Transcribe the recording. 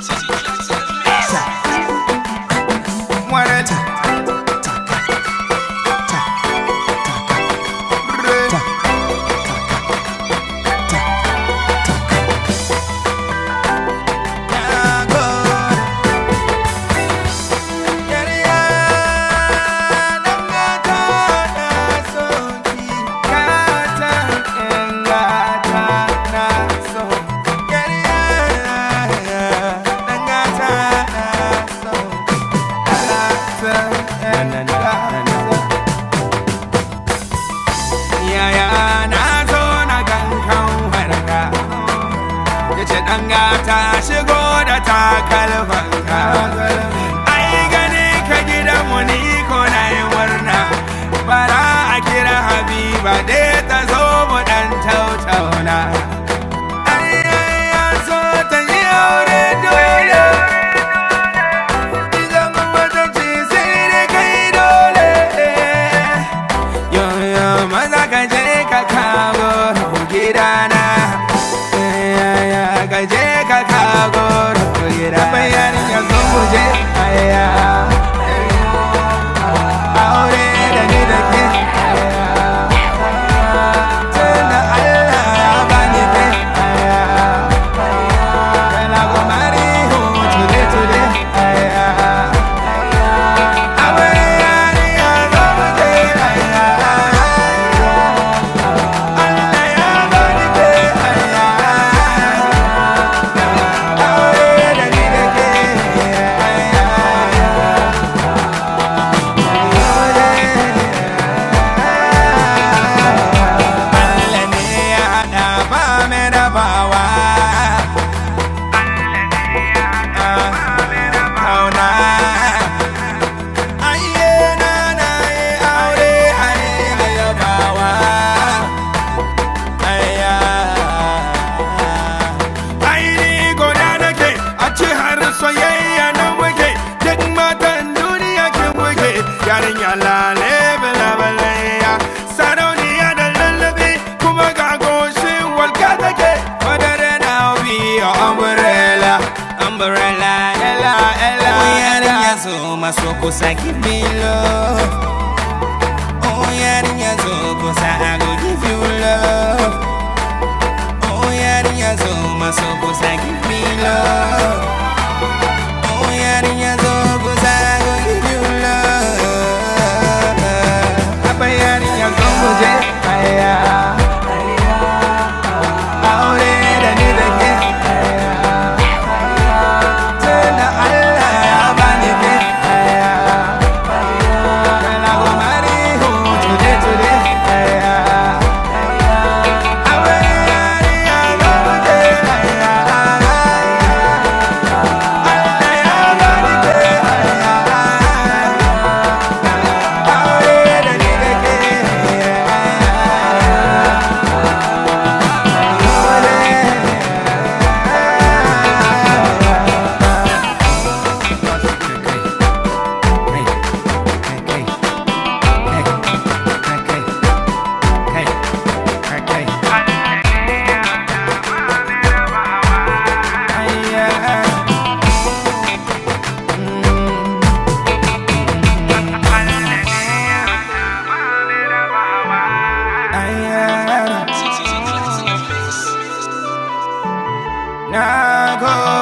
City. ta shigo da takalma my soul cause I give me love Oh yeah, in your soul I, go give you love Oh yeah, in your soul, my soul cause I give me love Oh yeah, in your I go give you love in your soul I Now go.